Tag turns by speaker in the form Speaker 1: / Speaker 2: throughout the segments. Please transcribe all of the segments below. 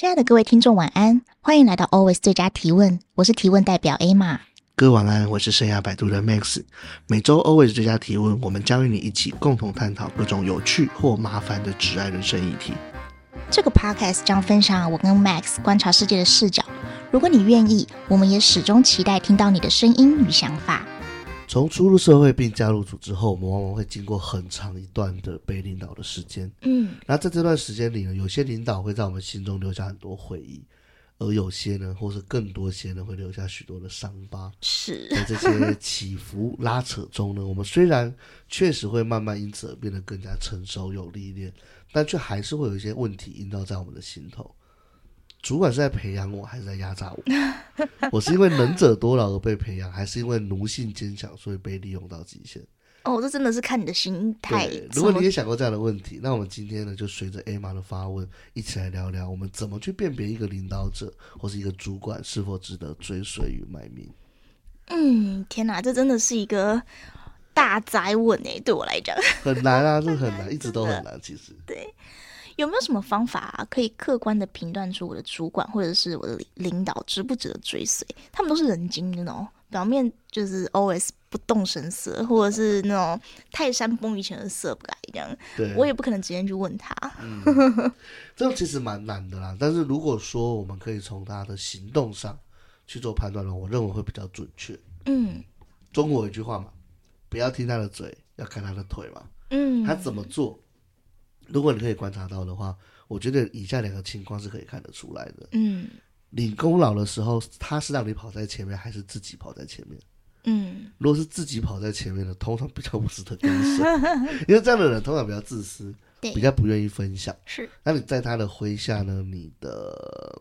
Speaker 1: 親愛的各位聽眾，晚安！歡迎來到 Always 最佳提問，我是提問代表 Emma。
Speaker 2: 各位晚安，我是生涯擺渡的 Max。每周 Always 最佳提問，我們將與你一起共同探討各種有趣或麻煩的摯愛人生議題。
Speaker 1: 這個 podcast 將分享我跟 Max 觀察世界的視角。如果你願意，我們也始終期待聽到你的聲音與想法。
Speaker 2: 從初入社會並加入組織後，我們往往會經過很長一段的被領導的時間。嗯，那在這段時間裡呢，有些領導會在我們心中留下很多回憶，而有些呢，或是更多些呢，會留下許多的傷疤。
Speaker 3: 是，在這些
Speaker 2: 起伏拉扯中呢， 我們雖然確實會慢慢因此而變得更加成熟有歷練，但卻還是會有一些問題縈繞在我們的心頭。主管是在培養我，還是在壓榨我？ 我是因為能者多勞而被培養，還是因為奴性堅強所以被利用到極限？
Speaker 1: 哦，這真的是看你的心態。如果你也
Speaker 2: 想過這樣的問題，那我們今天呢，就隨着 Emma 的發問，一起來聊聊我們怎麼去辨別一個領導者或是一個主管是否值得追隨與賣命。
Speaker 1: 嗯，天哪，這真的是一個大哉問呢，對我來講，
Speaker 2: 很難啊，這很難， 一直都很難，其實。對。
Speaker 1: 有沒有什麼方法、啊、可以客觀的評斷出我的主管或者是我的領導值不值得追隨？他們都是人精，你知道嗎，表面，就是 OS 不動聲色，或者是那種泰山崩於前的色不
Speaker 2: 改一樣。對、啊，我也
Speaker 1: 不可能直接去問他。
Speaker 2: 嗯 嗯、這個其實蠻難的啦。但是如果說我們可以從他的行動上去做判斷的話，我認為會比較準確。
Speaker 3: 嗯，
Speaker 2: 中國有一句話嘛，不要聽他的嘴，要看他的腿嘛。嗯，他怎麼做？如果你可以觀察到的話，我覺得以下兩個情況是可以看得出來的。嗯，你功勞的時候，他是讓你跑在前面，還是自己跑在前面？嗯，如果是自己跑在前面的，通常比較不是特根深不值得跟隨。 因為這樣的人通常比較自私， 對，比較不願意分享。是，那你在他的麾下呢？你的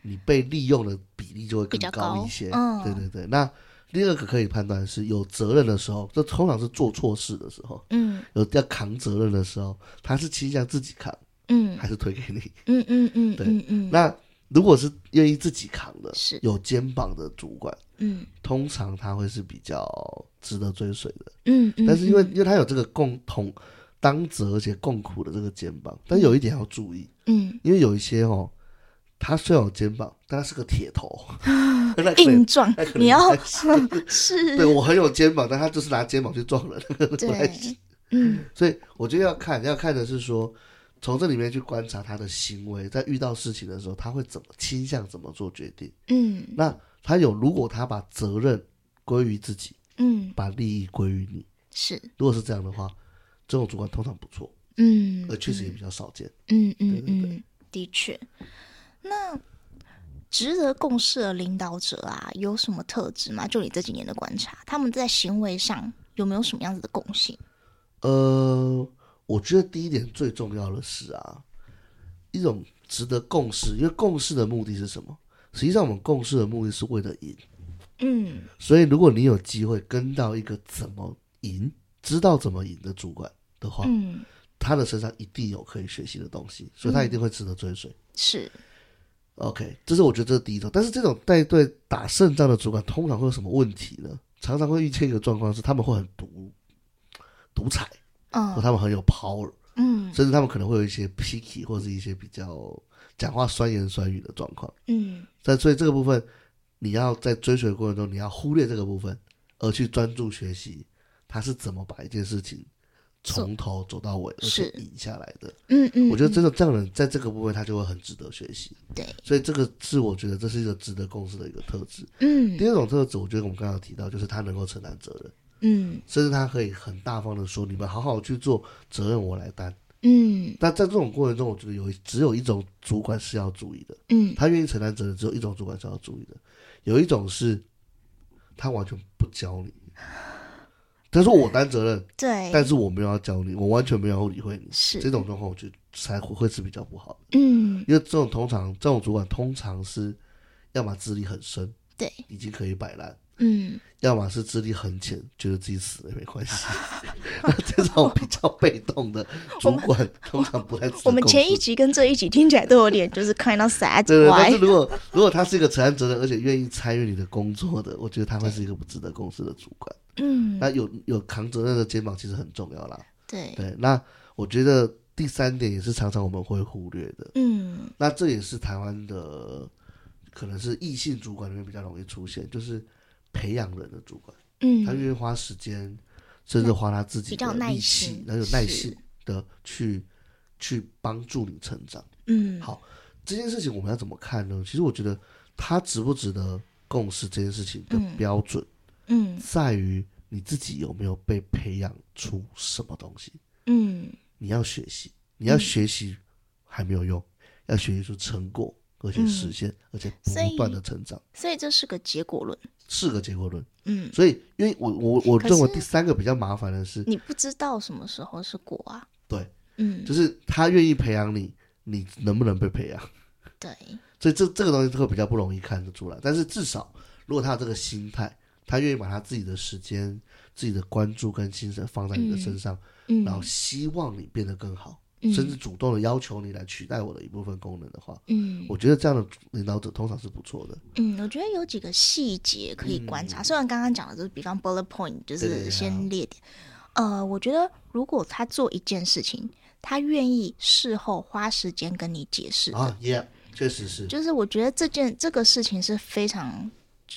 Speaker 2: 你被利用的比例就會更高一些。嗯、對對對，那。第二個可以判斷是有責任的時候，這通常是做錯事的時候，嗯，有要扛責任的時候，他是傾向自己扛，嗯，還是推給你，嗯嗯嗯，
Speaker 3: 對，嗯，嗯，那
Speaker 2: 如果是願意自己扛的，是有肩膀的主管，嗯，通常他會是比較值得追隨的，嗯，但是因為、嗯、因為他有這個共同當責而且共苦的這個肩膀，但有一點要注意，嗯，因為有一些哦。他雖然有肩膀，但他是個鐵頭，
Speaker 3: 硬撞。 你要， 是,是,是對我很
Speaker 2: 有肩膀，但他就是拿肩膀去撞人。對，嗯 所以我就要看，要看的是說，從這裡面去觀察他的行為，在遇到事情的時候，他會怎麼傾向，怎麼做決定。嗯。那他有，如果他把責任歸於自己，嗯，把利益歸於你，是。如果是這樣的話，這種主管通常不錯，嗯，而，確實也比較少見，嗯
Speaker 1: 對對對嗯嗯，的確。那值得共事的領導者啊，有什麼特質嗎？就你這幾年的觀察，他們在行為上有沒有什麼樣子的共性？
Speaker 2: 呃，我覺得第一點最重要的是啊，一種值得共事，因為共事的目的是什麼？實際上，我們共事的目的是為了贏。嗯，所以如果你有機會跟到一個怎麼贏、知道怎麼贏的主管的話，嗯，他的身上一定有可以學習的東西，所以他一定會值得追隨。嗯，是。OK，這是我覺得這是第一種。但是這種帶隊打勝仗的主管通常會有什麼問題呢？常常會遇見一個狀況是他們會很獨獨裁，嗯、哦，或他們很有 power，嗯，甚至他們可能會有一些 picky 或者是一些比較講話酸言酸語的狀況，嗯。在所以這個部分，你要在追隨的過程中，你要忽略這個部分，而去專注學習他是怎麼把一件事情。從頭走到尾是引下來的，嗯嗯，我覺得真的這樣人在這個部分他就會很值得學習，對，所以這個是我覺得這是一個值得共事的一個特質，嗯，第二種特質我覺得我們剛剛提到就是他能夠承擔責任，嗯，甚至他可以很大方的說你們好好去做，責任我來擔，嗯，但在這種過程中，我覺得有只有一種主管是要注意的，嗯，他願意承擔責任只有一種主管是要注意的，有一種是他完全不教你。他說我擔責任對，對，但是我沒有要教你，我完全沒有理會你，是這種狀況，我覺得才會會是比較不好
Speaker 3: 的，嗯，
Speaker 2: 因為這種通常這種主管通常是，要麼資歷很深，對，已經可以擺爛。嗯，要麼是資歷很淺，覺得自己死了也沒關係， 那這種比較被動的主管通常不太值得。我，我，我們前一
Speaker 1: 集跟這一集聽起來都有點就是 kind of sad。 對，對，對，但是如果
Speaker 2: 如果他是一個承擔責任而且願意參與你的工作的，我覺得他會是一個不值得共事的主管。嗯，那有有扛責任的肩膀其實很重要啦。對對，那我覺得第三點也是常常我們會忽略的。嗯，那這也是台灣的可能是異性主管裡面比較容易出現，就是。培養人的主管，嗯，他願意花時間，甚至花他自己的力氣，然後有耐心的去去幫助你成長，嗯，好，這件事情我們要怎麼看呢？其實我覺得他值不值得共事這件事情的標準，嗯，在於你自己有沒有被培養出什麼東西，嗯，你要學習，你要學習還沒有用，嗯、要學習出成果，而且實現、嗯，而且不斷的成長所，
Speaker 1: 所以這是個結果論。
Speaker 2: 是個結果論，嗯，所以因為我我我認為我第三個比較麻煩的是，是你
Speaker 1: 不知道什麼時候是
Speaker 2: 果啊，對，嗯，就是他願意培養你，你能不能被培養，
Speaker 3: 對，
Speaker 2: 所以這這個東西會比較不容易看得出來，但是至少如果他有這個心態，他願意把他自己的時間、自己的關注跟精神放在你的身上，嗯，嗯，然後希望你變得更好。甚至主動的要求你來取代我的一部分功能的話，嗯，我覺得這樣的領導者通常是不錯的。嗯，
Speaker 1: 我覺得有幾個細節可以觀察。嗯、雖然剛剛講的就是，比方 bullet point，就是先列點對對。呃，我覺得如果他做一件事情，他願意事後花時間跟你解釋，啊
Speaker 2: ，yeah，確實是，就
Speaker 1: 是我覺得這件這個事情是非常。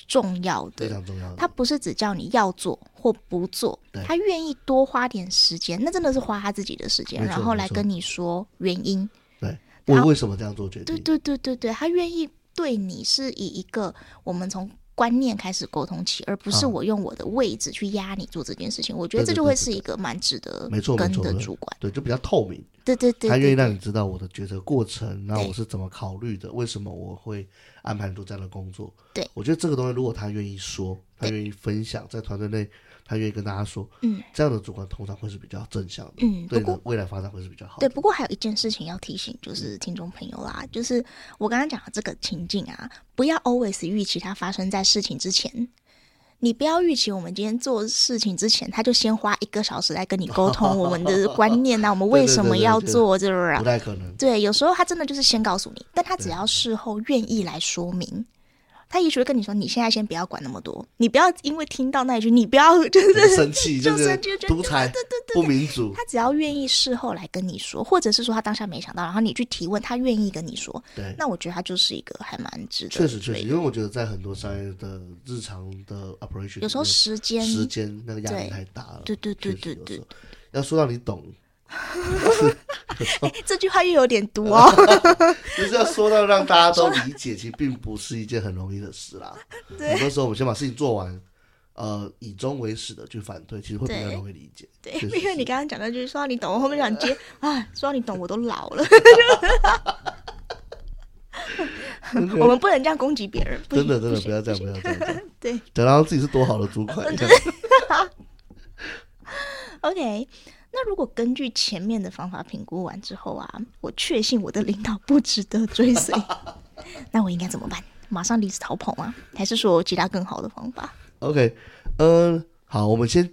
Speaker 1: 重要的，非常重要的。他不是只叫你要做或不做，他願意多花點時間，那真的是花他自己的時間，然後來跟你說原因。
Speaker 2: 對，我為什麼這樣做決定？對
Speaker 1: 對對對對，他願意對你是以一個我們從。觀念開始溝通起，而不是我用我的位置去壓你做這件事情。啊、對對對，我覺得這就會是一個蠻值得跟的主
Speaker 2: 管，對，對，就比較透明。對對，對對對，他願意讓你知道我的抉擇過程，那我是怎麼考慮的，為什麼我會安排你做這樣的工作。對，我覺得這個東西，如果他願意說，他願意分享，在團隊內。他願意跟大家說，嗯，這樣的主管通常會是比較正向的，嗯，對，未來發展會是比較好。對，
Speaker 1: 不過還有一件事情要提醒，就是聽眾朋友啦，嗯、就是我剛剛講的這個情境啊，不要 always 預期它發生在事情之前。你不要預期我們今天做事情之前，他就先花一個小時來跟你溝通我們的觀念吶、啊， 我們為什麼要做，這 不太可能。對，有時候他真的就是先告訴你，但他只要事後願意來說明。他一直會跟你說，你現在先不要管那麼多，你不要因為聽到那一句，你不要 就是生氣，
Speaker 2: 就是獨裁，對對，對對對，不民主。他
Speaker 1: 只要願意事後來跟你說，或者是說他當下沒想到，然後你去提問，他願意跟你說，對，那我覺得他就是一個還蠻值得。確實
Speaker 2: 確實，因為我覺得在很多商業的日常的 operation，有時候時間時間那個壓力太大了，對對對對對，對，對，要說到你懂。
Speaker 1: 欸、這句話又有點毒哦，
Speaker 2: 就是要說到讓大家都理解，其實並不是一件很容易的事啦。對，很多時候，我們先把事情做完，呃，以終為始的去反對，其實會比較容易理解。對，對，因為
Speaker 1: 你剛剛講的，就是說到你懂，我後面想接啊，說到你懂，我都老了。 Okay . 我們不能這樣攻擊別人，真的真的不,不,要不,
Speaker 2: 不要這樣，不要這樣。 對，等到自己是多好的主管這樣。
Speaker 1: OK。那如果根據前面的方法評估完之後啊，我確信我的領導不值得追隨， 那我應該怎麼辦？馬上離職逃跑嗎？還是說其他更好的方法
Speaker 2: ？OK，嗯、呃，好，我們先，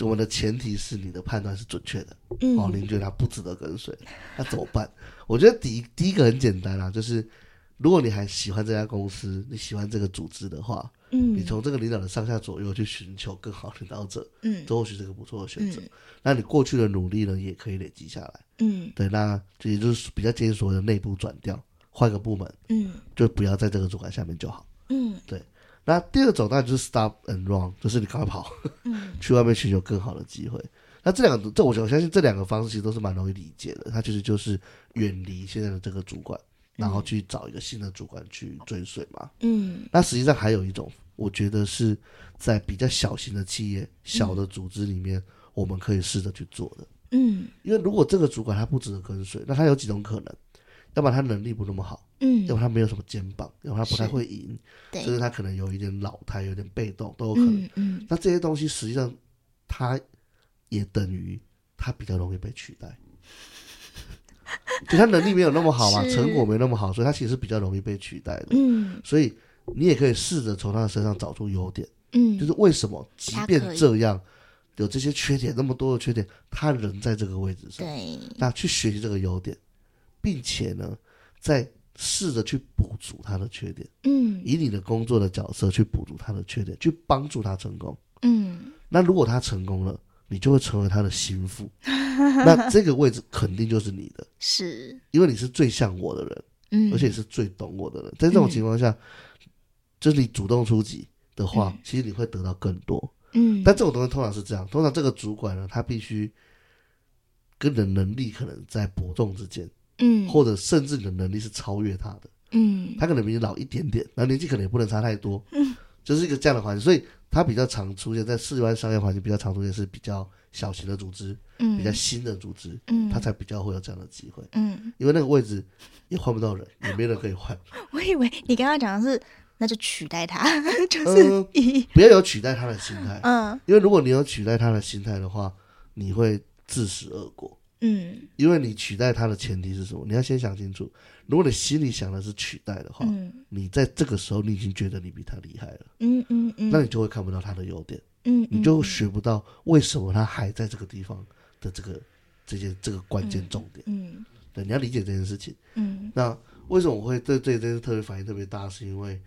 Speaker 2: 我們的前提是你的判斷是準確的、嗯，哦，您覺得他不值得跟隨，那怎麼辦？ 我覺得第一，第一個很簡單啊，就是如果你還喜歡這家公司，你喜歡這個組織的話。嗯，你從這個領導的上下左右去尋求更好領導者，嗯，這或許是個不錯的選擇，嗯。那你過去的努力呢，也可以累積下來，嗯，對，那就也就是比較建議所，所謂的內部轉調，換個部門，嗯，就不要在這個主管下面就好，嗯，對。那第二種那就是 stop and run，就是你趕快跑，嗯、 去外面尋求更好的機會。那這兩個，這我我相信這兩個方式其實都是蠻容易理解的，它其實就是遠離現在的這個主管。然後去找一個新的主管去追隨嘛，嗯，那實際上還有一種，我覺得是在比較小型的企業、嗯、小的組織裡面，我們可以試着去做的，嗯，因為如果這個主管他不值得跟隨，那他有幾種可能，要不然他能力不那麼好，嗯，要不然他沒有什麼肩膀，要不然他不太會贏，對，所以他可能有一點老態，有點被動都有可能，嗯，嗯，那這些東西實際上他也等於他比較容易被取代。就他能力沒有那麼好嘛，成果沒那麼好，所以他其實是比較容易被取代的。嗯，所以你也可以試着從他的身上找出優點。嗯，就是為什麼即便這樣，有這些缺點，那麼多的缺點，他仍在這個位置上。
Speaker 3: 對，
Speaker 1: 那
Speaker 2: 去學習這個優點，並且呢，再試着去補足他的缺點。嗯，以你的工作的角色去補足他的缺點，去幫助他成功。嗯，那如果他成功了。你就會成為他的心腹，
Speaker 3: 那這個
Speaker 2: 位置肯定就是你的，是因為你是最像我的人，嗯，而且你是最懂我的人。在這種情況下，嗯、就是你主動出擊的話，嗯，其實你會得到更多，嗯。但這種東西通常是這樣，通常這個主管呢，他必須跟你的能力可能在伯仲之間，嗯，或者甚至你的能力是超越他的，
Speaker 3: 嗯，
Speaker 2: 他可能比你老一點點，那年紀可能也不能差太多，嗯，就是一個這樣的環境，所以，他比較常出現在四環商業環境，比較常出現是比較小型的組織，嗯，比較新的組織，嗯，他才比較會有這樣的機會，嗯，因為那個位置也換不到人，也沒人可以換。
Speaker 1: 我以為你剛剛講的是，那就取代他，就是、嗯、 不
Speaker 2: 要有取代他的心態，嗯，因為如果你有取代他的心態的話，你會自食惡果。嗯，因為你取代他的前提是什麼？你要先想清楚。如果你心裡想的是取代的話，嗯，你在這個時候你已經覺得你比他厲害了。嗯嗯嗯，那你就會看不到他的優點。嗯，嗯你就學不到為什麼他還在這個地方的這個這些這個關鍵重點。嗯，嗯對，你要理解這件事情。
Speaker 3: 嗯，那
Speaker 2: 為什麼我會對對這件事特別反應特別大？是因為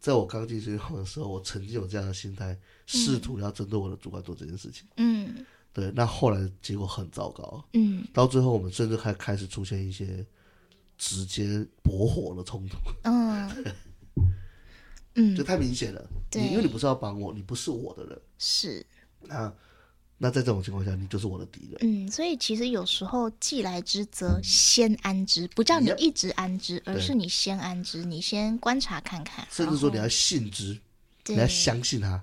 Speaker 2: 在我剛進學校的時候，我曾經有這樣的心態，試圖要針對我的主管做這件事情。嗯。嗯對，那後來結果很糟糕。嗯，到最後我們甚至還開始出現一些直接駁火的衝突。嗯
Speaker 3: 嗯，
Speaker 2: 就太明顯了。對，因為你不是要幫我，你不是我的人。是。那，那在這種情況下，你就是我的敵人。
Speaker 1: 嗯，所以其實有時候既來之則先安之，嗯、不叫你一直安之，嗯、而是你先安之，你先觀察看看。甚至說你要
Speaker 2: 信之。你要相信他，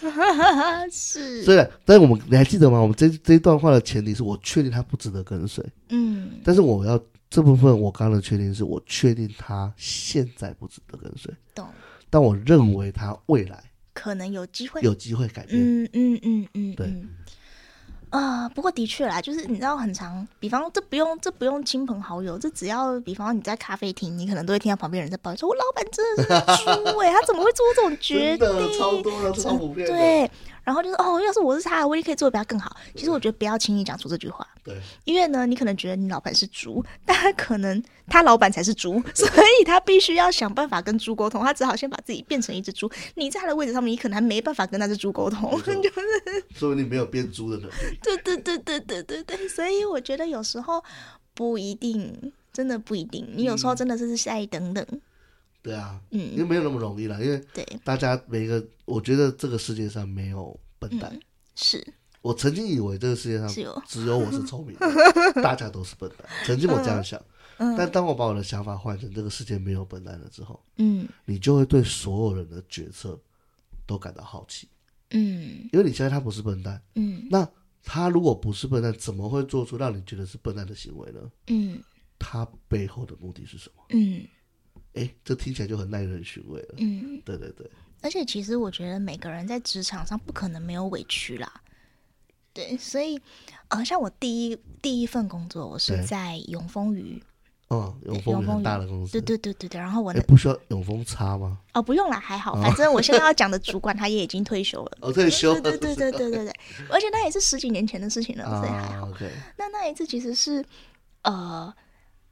Speaker 3: 是。對。雖
Speaker 2: 然，但我們你還記得嗎？我們這一這一段話的前提是我確定他不值得跟隨。嗯。但是我要這部分，我剛剛的確定是我確定他現在不值得跟隨。懂。但我認為他未來
Speaker 1: 可能有機會，有機會改變。嗯嗯嗯嗯，嗯，對。啊、呃，不過的確啦，就是你知道，很常，比方，這不用，這不用親朋好友，這只要，比方你在咖啡廳，你可能都會聽到旁邊人在抱怨， 說：“我老闆真的是豬誒、欸、他怎麼會做這種決定 ？”真的，超多的，超普遍
Speaker 3: 的。
Speaker 2: 對。
Speaker 1: 然後就是哦，要是我是他，我也可以做的比他更好。其實我覺得不要輕易講出這句話，對，對，因為呢，你可能覺得你老板是豬，但他可能他老板才是豬，所以他必須要想辦法跟豬溝通， 他只好先把自己變成一只豬。你在他的位置上面，你可能還沒辦法跟那只豬溝通，就是
Speaker 2: 說明你沒有變
Speaker 1: 豬的能力。對對對對對對對，所以我覺得有時候不一定，真的不一定，你有時候真的是下一等等。嗯
Speaker 2: 對啊，嗯，因為沒有那麼容易了，嗯，因為大家每一個，我覺得這個世界上沒有笨蛋。嗯、是我曾經以為這個世界上只有我是聰明的， 大家都是笨蛋。曾經我這樣想，嗯，但當我把我的想法換成這個世界沒有笨蛋了之後，
Speaker 3: 嗯，
Speaker 2: 你就會對所有人的決策都感到好奇，嗯，因為你現在他不是笨蛋，嗯，那他如果不是笨蛋，怎麼會做出讓你覺得是笨蛋的行為呢？嗯，他背後的目的是什麼？嗯。哎、欸，這聽起來就很耐人尋味了。
Speaker 1: 嗯，對對對。而且其實我覺得每個人在職場上不可能沒有委屈啦。對，所以，呃，像我第一第一份工作，我是在永豐餘。嗯、
Speaker 2: 哦，永豐餘很大的公司對。
Speaker 1: 對對對對對。然後我那、欸、不需
Speaker 2: 要永豐差嗎？哦，不用了，還好、哦。反正
Speaker 1: 我現在要講的主管他也已經退休
Speaker 2: 了。哦，退休。對對
Speaker 1: 對對對對。 而且那也是十幾年前的事情了、哦，所以還好。Okay. 那那一次其實是，呃。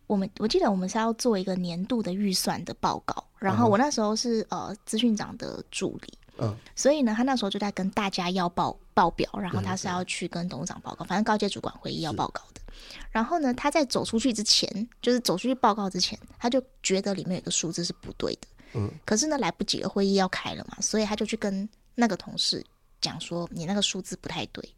Speaker 1: 我們我記得我們是要做一個年度的預算的報告，然後我那時候是、uh -huh. 呃資訊長的助理，嗯、uh -huh.，所以呢，他那時候就在跟大家要報報表，然後他是要去跟董事長報告，uh -huh. 反正高階主管會議要報告的。Uh -huh. 然後呢，他在走出去之前，就是走出去報告之前，他就覺得裡面有一個數字是不對的，嗯、uh -huh.，可是呢來不及了，會議要開了嘛，所以他就去跟那個同事講說，你那個數字不太對。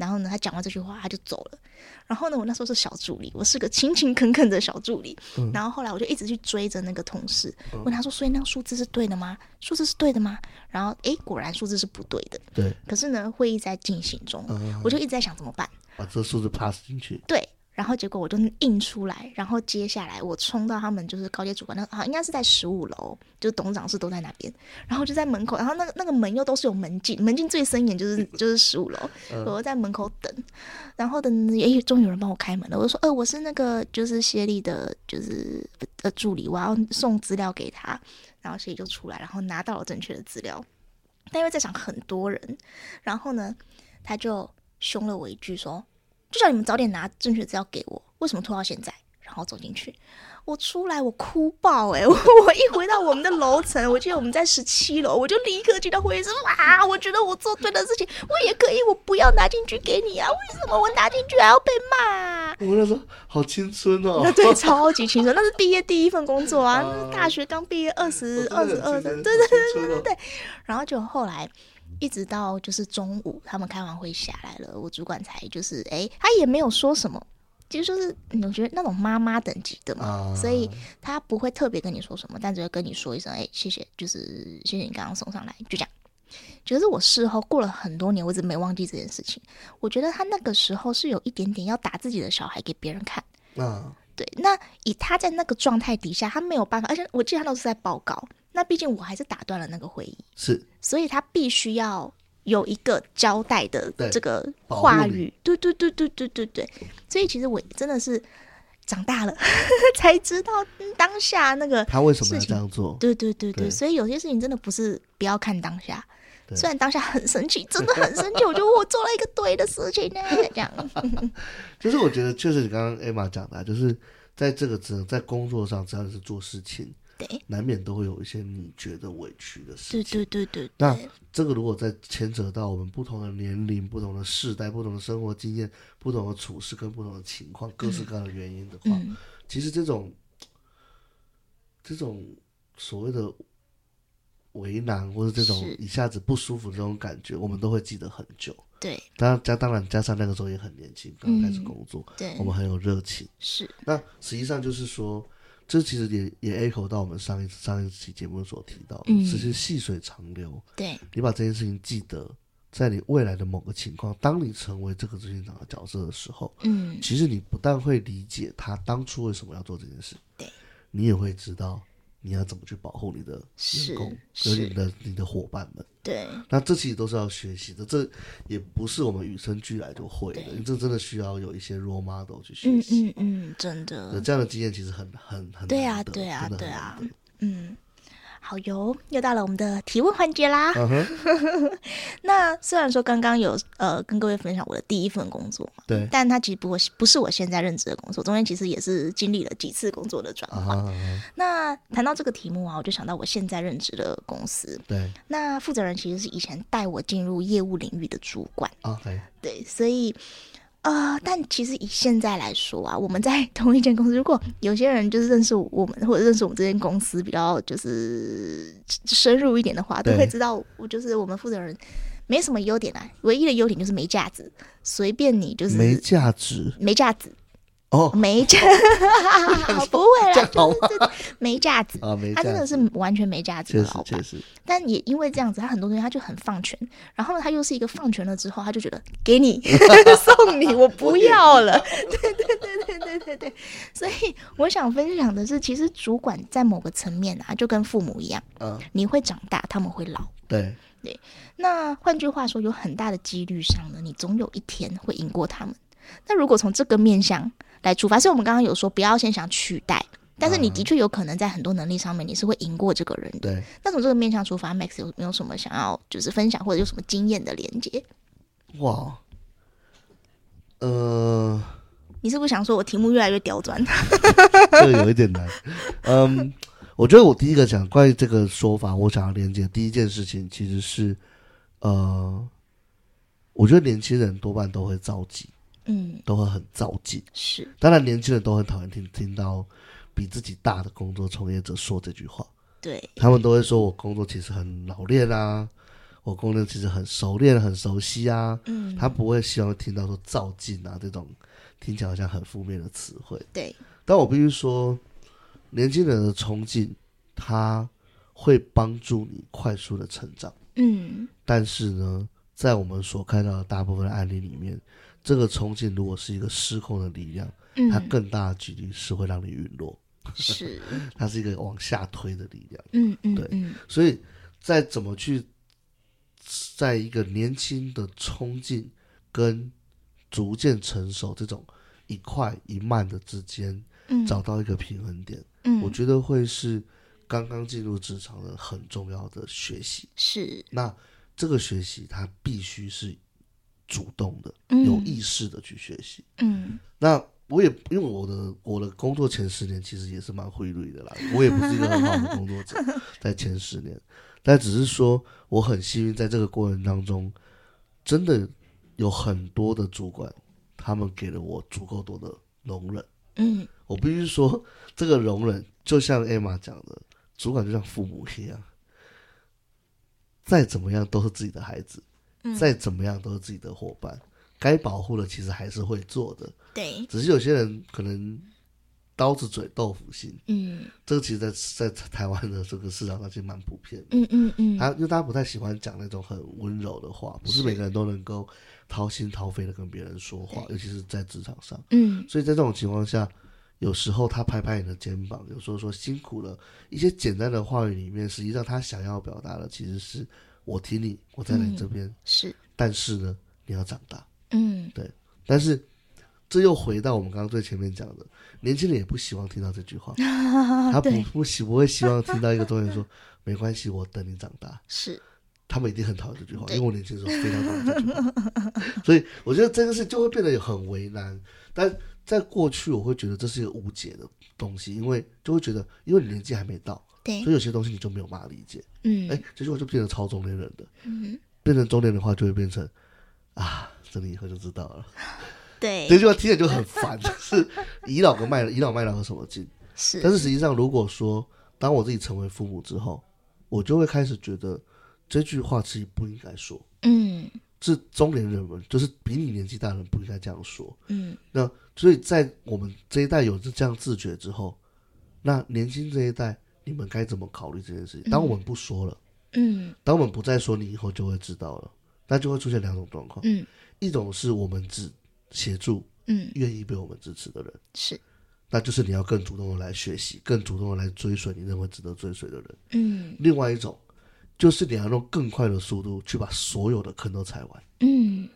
Speaker 1: 然後呢，他講完這句話，他就走了。然後呢，我那時候是小助理，我是個勤勤懇懇的小助理。嗯、然後後來我就一直去追着那個同事，嗯、問他說：“所以那個數字是對的嗎？數字是對的嗎？”然後誒，果然數字是不對的。對。可是呢，會議在進行中，嗯、我就一直在想怎麼辦。
Speaker 2: 把這數字 pass 進去。
Speaker 1: 對。然後結果我就印出來，然後接下來我衝到他們就是高階主管那好，應該是在十五樓，就董事長室都在那邊，然後就在門口，然後那個、那個門又都是有門禁，門禁最森嚴就是就是十五樓， 我在門口等，然後等，也終於有人幫我開門了，我就說，呃，我是那個就是謝麗的，就是呃助理，我要送資料給他，然後謝麗就出來，然後拿到了正確的資料，但因為在場很多人，然後呢，他就凶了我一句說。就叫你們早點拿正確資料給我，為什麼拖到現在？然後走進去，我出來我哭爆誒、欸，我一回到我們的樓層， 我記得我們在十七樓，我就立刻去到會議室，哇！我覺得我做對的事情，我也可以，我不要拿進去給你啊！為什麼我拿進去還要被罵？
Speaker 2: 我那時候好青春哦，那對，超
Speaker 1: 級青春，那是畢業第一份工作啊， 啊那是大學剛畢業二十二十二，對對
Speaker 3: 對對
Speaker 1: 對，然後就後來。一直到就是中午，他們開完會下來了，我主管才就是哎、欸，他也沒有說什麼，其實就是我覺得那種媽媽等級的嘛，uh... 所以他不會特別跟你說什麼，但只會跟你說一聲哎、欸、謝謝，就是謝謝你剛剛送上來，就這樣。其、就是我事後過了很多年，我一直沒忘記這件事情。我覺得他那個時候是有一點點要打自己的小孩給別人看，嗯、uh...，對。那以他在那個狀態底下，他沒有辦法，而且我記得他都是在報告。那畢竟我還是打斷了那個會議，是，所以他必須要有一個交代的這個話語。對，對對對對對對對，所以其實我真的是長大了 才知道當下那個他為什麼要這樣做，對對對對，對，對，對，所以有些事情真的不是不要看當下，雖然當下很生氣，真的很生氣， 我覺得我做了一個對的事情呢、啊，這樣。
Speaker 2: 就是我覺得，就是你剛剛 Emma 講的，就是在這個職能在工作上，只要是做事情。對，難免都會有一些你覺得委屈的事
Speaker 1: 情。對對對對。那
Speaker 2: 這個如果再牽扯到我們不同的年齡、不同的世代、不同的生活經驗、不同的處事跟不同的情況，各式各樣的原因的話，嗯、其實這種、嗯、這種所謂的為難，或者這種一下子不舒服的這種感覺，我們都會記得很久。對。當然加當然加上那個時候也很年輕，剛,剛開始工作、嗯對，我們很有熱情。是。那實際上就是說。這其實也也 echo 到我們上一次上一期節目所提到的，嗯，其實細水長流，對，你把這件事情記得，在你未來的某個情況，當你成為這個執行長的角色的時候，嗯，其實你不但會理解他當初為什麼要做這件事，對，你也會知道。你要怎麼去保護你的員工，就你的你的，你的夥伴們？對，那這其實都是要學習的，這也不是我們與生俱來就會的，這真的需要有一些 role model 去學
Speaker 1: 習。嗯嗯嗯，真的、嗯、這
Speaker 2: 樣的經驗其實很很很難得，對啊對啊，真的對啊
Speaker 1: 對啊，嗯。好喲，又到了我們的提問環節啦。Uh -huh. 那雖然說剛剛有呃跟各位分享我的第一份工作嘛，對，但它其實不是不是我現在任職的工作，中間其實也是經歷了幾次工作的轉換。Uh -huh, uh -huh. 那談到這個題目啊，我就想到我現在任職的公司，對，uh -huh.，那負責人其實是以前帶我進入業務領域的主管
Speaker 3: ，uh -huh.
Speaker 1: 對，所以。呃，但其實以現在來說啊，我們在同一間公司，如果有些人就是認識我們或者認識我們這間公司比較就是深入一點的話，都會知道我就是我們負責人沒什麼優點啊，唯一的優點就是沒價值，隨便你就是沒價值，沒價值。哦，沒架、哦 啊，不會啦，這就是這沒架子、啊、他真的是完全沒架子，確實，確實，但也因為這樣子，他很多東西他就很放權，然後他又是一個放權了之後，他就覺得給你 送你，我不要了， 對，對，對對對對對對對。所以我想分享的是，其實主管在某個層面啊，就跟父母一樣，嗯，你會長大，他們會老，
Speaker 2: 對對。
Speaker 1: 那換句話說，有很大的幾率上呢，你總有一天會贏過他們。那如果從這個面向。來處罰，所以我們剛剛有說不要先想取代，但是你的確有可能在很多能力上面你是會贏過這個人。對，那從這個面向出發，Max 有沒有什麼想要就是分享或者有什麼經驗的連接？
Speaker 2: 哇，呃，
Speaker 1: 你是不是想說我題目越來越刁鑽？
Speaker 2: 這個 有一點難。嗯、 um,，我覺得我第一個講關於這個說法，我想要連接第一件事情其實是呃，我覺得年輕人多半都會着急。嗯，都會很躁進。是當然，年輕人都很討厭聽聽到比自己大的工作從業者說這句話。對，他們都會說：“我工作其實很老練啊，我工作其實很熟練、很熟悉啊。”嗯，他不會希望聽到說“躁進”啊這種聽起來好像很負面的詞彙。對，但我必須說，年輕人的衝勁，他會幫助你快速的成長。嗯，但是呢，在我們所看到的大部分的案例裡面。這個衝勁如果是一個失控的力量，嗯、它更大的距離是會讓你隕落， 是，它是一個往下推的力量，嗯嗯，對，嗯、所以，在怎麼去，在一個年輕的衝勁跟逐漸成熟這種一快一慢的之間，找到一個平衡點，嗯，我覺得會是剛剛進入職場的很重要的學習，是，那這個學習它必須是。主動的、有意識的去學習。嗯，嗯，那我也因為我的我的工作前十年其實也是蠻灰綠的啦，我也不是一個很好的工作者， 在前十年，但只是說我很幸運，在這個過程當中，真的有很多的主管，他們給了我足夠多的容忍。嗯，我必須說，這個容忍就像艾瑪講的，主管就像父母一樣，再怎麼樣都是自己的孩子。再怎麼樣都是自己的夥伴，該、嗯、保護的其實還是會做的。對，只是有些人可能刀子嘴豆腐心。嗯，這個其實在，在在台灣的這個市場上其實蠻普遍的。嗯嗯嗯，還、啊、因為大家不太喜歡講那種很溫柔的話，不是每個人都能夠掏心掏肺的跟別人說話，尤其是在職場上。嗯，所以在這種情況下，有時候他拍拍你的肩膀，有時候說辛苦了，一些簡單的話語裡面，實際上他想要表達的其實是。我挺你，我在你這邊、嗯、是，但是呢，你要長大，嗯，對，但是這又回到我們剛剛最前面講的，年輕人也不希望聽到這句話，啊、他不不希不會希望聽到一個東西說 沒關係，我等你長大，是，他們一定很討厭這句話，因為我年輕的時候非常討厭這
Speaker 3: 句話，
Speaker 2: 所以我覺得這個事就會變得很為難，但在過去我會覺得這是一個無解的東西，因為就會覺得因為你年紀還沒到。所以有些東西你就沒有辦法理解，嗯，哎，這句話就變成超中年人的，
Speaker 3: 嗯。
Speaker 2: 變成中年的話就會變成啊，等你以後就知道了。
Speaker 3: 對，這句話
Speaker 2: 聽着就很煩， 就是倚老和賣倚老賣老有什麼勁？是。但是實際上，如果說當我自己成為父母之後，我就會開始覺得這句話其實不應該說，
Speaker 3: 嗯，
Speaker 2: 是中年人們，就是比你年紀大的人不應該這樣說，嗯。那所以在我們這一代有這樣自覺之後，那年輕這一代，你們該怎麼考慮這件事情？當我們不說了，嗯，嗯，當我們不再說你以後就會知道了，那就會出現兩種狀況，嗯，一種是我們只協助，嗯，願意被我們支持的人、嗯、是，那就是你要更主動的來學習，更主動的來追隨你認為值得追隨的人，嗯，另外一種就是你要用更快的速度去把所有的坑都踩完，嗯，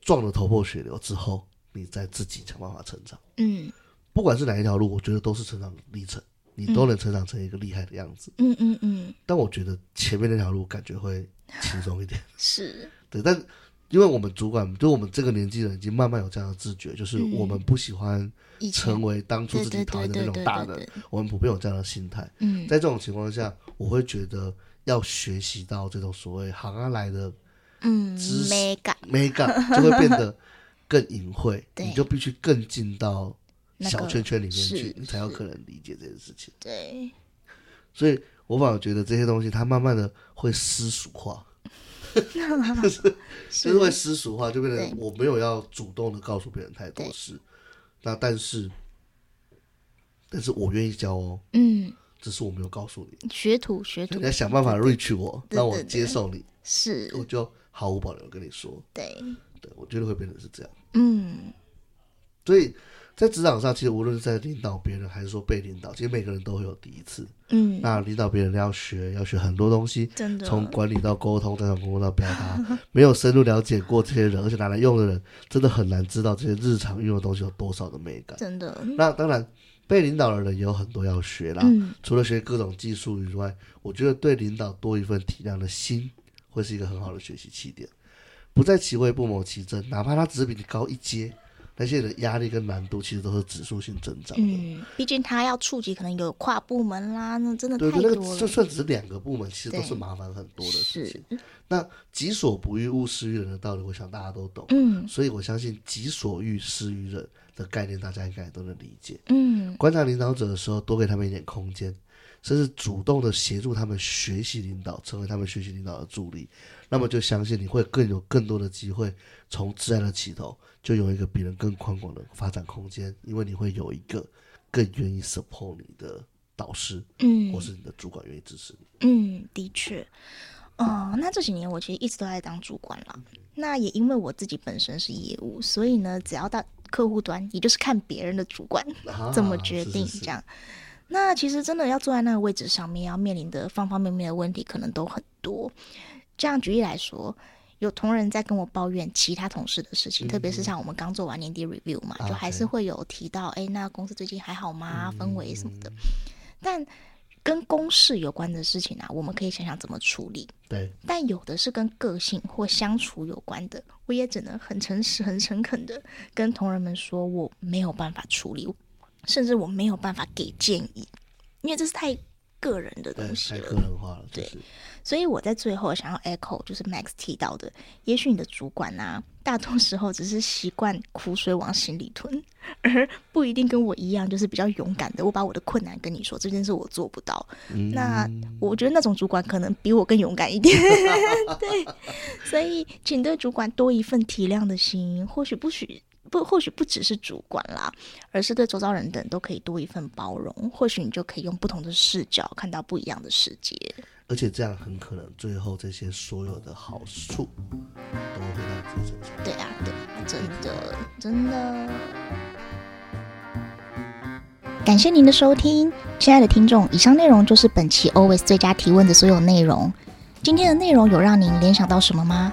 Speaker 2: 撞得頭破血流之後，你再自己想辦法成長，嗯，不管是哪一條路，我覺得都是成長歷程。你都能成長成一個厲害的樣子，嗯嗯
Speaker 3: 嗯。
Speaker 2: 但我覺得前面那條路感覺會輕鬆一點，是對。但因為我們主管，就我們這個年紀的人，已經慢慢有這樣的自覺、嗯，就是我們不喜歡成為當初自己討厭的那種大人，我們普遍有這樣的心態。嗯，在這種情況下，我會覺得要學習到這種所謂行安、啊、來的
Speaker 3: 知識，嗯，美感美感就會變得
Speaker 2: 更隱晦， 你就必須更進到。那個、小圈圈裡面去，你才有可
Speaker 3: 能理解這件事情。對，
Speaker 2: 所以我反而覺得這些東西，它慢慢的會私塾化。
Speaker 3: 就
Speaker 2: 是 會私塾化，就變成我沒有要主動的告訴別人太多事。那但是，但是我願意教哦。嗯，只是我沒有告訴你。
Speaker 1: 學徒，學徒，你要想辦
Speaker 2: 法 reach 我，對對對對，讓我接受你對對對對。是，我就毫無保留跟你說。對，對，我覺得會變成是這樣。嗯，所以。在職場上，其實無論是在領導別人還是說被領導，其實每個人都會有第一次。嗯，那領導別人要學，要學很多東西，真的。從管理到溝通，再到工作到表達， 沒有深入了解過這些人，而且拿來用的人，真的很難知道這些日常用的東西有多少的美感。
Speaker 3: 真的。
Speaker 2: 那當然，被領導的人也有很多要學啦，嗯。除了學各種技術以外，我覺得對領導多一份體諒的心，會是一個很好的學習起點。不在其位不謀其政，哪怕他只比你高一階。那些的壓力跟難度其實都是指數性增長
Speaker 1: 的。嗯，畢竟他要觸及可能有跨部門啦，那真的太多了。對，那個就
Speaker 2: 算只是兩個部門，其實都是麻煩很多的事情。那己所不欲物，勿施於人的道理，我想大家都懂。嗯。所以我相信，己所欲施於人的概念，大家應該都能理解。嗯。觀察領導者的時候，多給他們一點空間。甚至主動的協助他們學習領導，成為他們學習領導的助力，那麼就相信你會更有更多的機會，從自然的起頭就有一個比人更寬廣的發展空間，因為你會有一個更願意 support 你的導師，嗯，或是你的主管願意支持你。嗯，
Speaker 1: 嗯，的確，哦，那這幾年我其實一直都在當主管了，嗯，那也因為我自己本身是業務，所以呢，只要到客戶端，也就是看別人的主管怎麼決定，啊，是是是，這樣。那其實真的要坐在那個位置上面，要面臨的方方面面的問題可能都很多。這樣舉例來說，有同仁在跟我抱怨其他同事的事情，特別是像我們剛做完年底 review 嘛，就還是會有提到，哎，那公司最近還好嗎？氛圍什麼的。但跟公事有關的事情啊，我們可以想想怎麼處理。對。但有的是跟個性或相處有關的，我也只能很誠實、很誠懇的跟同仁們說，我沒有辦法處理。甚至我沒有辦法給建議，因為這是太個人的
Speaker 2: 東西了。太個人化了，就是。對。
Speaker 1: 所以我在最後想要 echo 就是 Max 提到的，也許你的主管啊，大多時候只是習慣苦水往心裡吞，而不一定跟我一樣，就是比較勇敢的，我把我的困難跟你說，這件事我做不到。嗯、那我覺得那種主管可能比我更勇敢一點。 對。所以，請對主管多一份體諒的心，或許不許。不，或許不只是主管啦，而是對周遭人等都可以多一份包容，或許你就可以用不同的視角看到不一樣的世界。
Speaker 2: 而且這樣很可能最後這些所有的好處都會到自己身上。對啊，對啊，真
Speaker 1: 的，真的、嗯。感謝您的收聽，親愛的聽眾，以上內容就是本期 Always 最佳提問的所有內容。今天的內容有讓您聯想到什麼嗎？